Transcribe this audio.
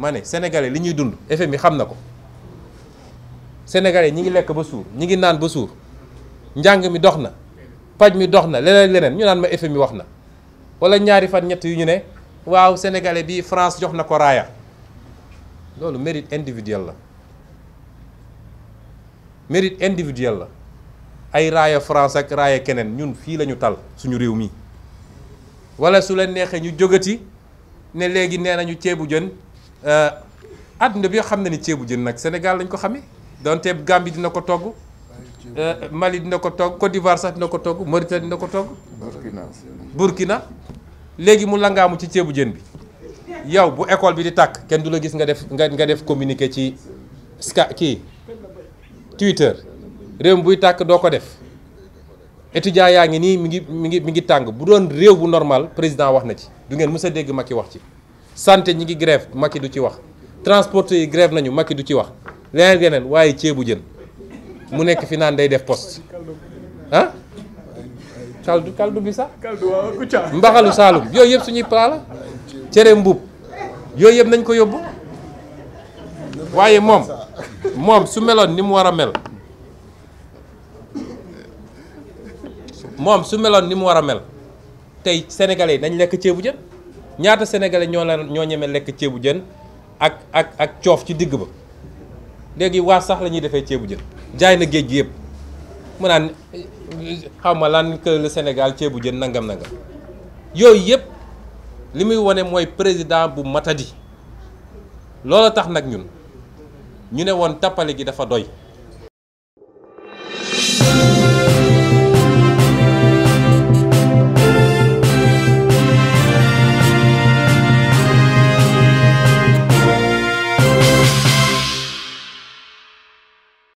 ma ne sénégalais li ñuy dund FMI xam na ko sénégalais ñi ngi lekk ba suur ñi ngi naan ba suur njàng mi dox na paj mi dox na leneen leneen ñu naan ma FMI wax na wala ñaari fan ñett yu ñu ne waaw sénégalais bi France jox na ko raaya loolu mérite individuel la mérite individuel la ay raaya France ak raaya keneen ñun fii la ñu tal suñu réew mi wala su leen neexee ñu jógati ne léegi nee nañu ceebu jën Euh, adduna bi xam na ni ceebu jën nag Sénégal lañ ko xamee donte Gambie dina ko togg euh, Mali dina ko togg Côte d'Ivoire sax dina ko togg Mauritanie dina ko togg Burkina léegi mu langaamu ci ceebu jën bi yow bu ecole bi di tàkk kenn du la gis nga def nga nga def communiqué ci ska kii Twitter réew mi buy tàkk doo ko def étudiant yaa ngi nii mi ngi mu ngi mi ngi tàng bu doon réew bu normal président wax na ci du ngeen mës dégg dégg Macky wax ci sante ñi ngi grève Macky du ci wax transporteurs yi grève nañu makki du ci wax leneen geneen waaye ceebu jën mu nekk fi naan day def post ah kaldu kaldu bi sax mbaxalu saalum yooyu yëpp suñuy plat cere mbuub yooyu yëpp nañ ko yóbbu waaye moom moom su meloon ni mu war a mel moom su meloon ni mu war a mel tey sénégalais yi nañ lekk ceebu jën ñaata sénégalais ñoo la ñoo ñeme lekk ceebu jën ak ak ak coof ci digg ba léegi waa sax la ñuy defee ceebu jën jaay na géej gi yëpp mu naa xaw ma lan que le Sénégal ceebu jën nangam nangam yooyu yëpp li muy wane mooy président bu matadi loolu tax nag ñun ñu ne woon tappale gi dafa doy.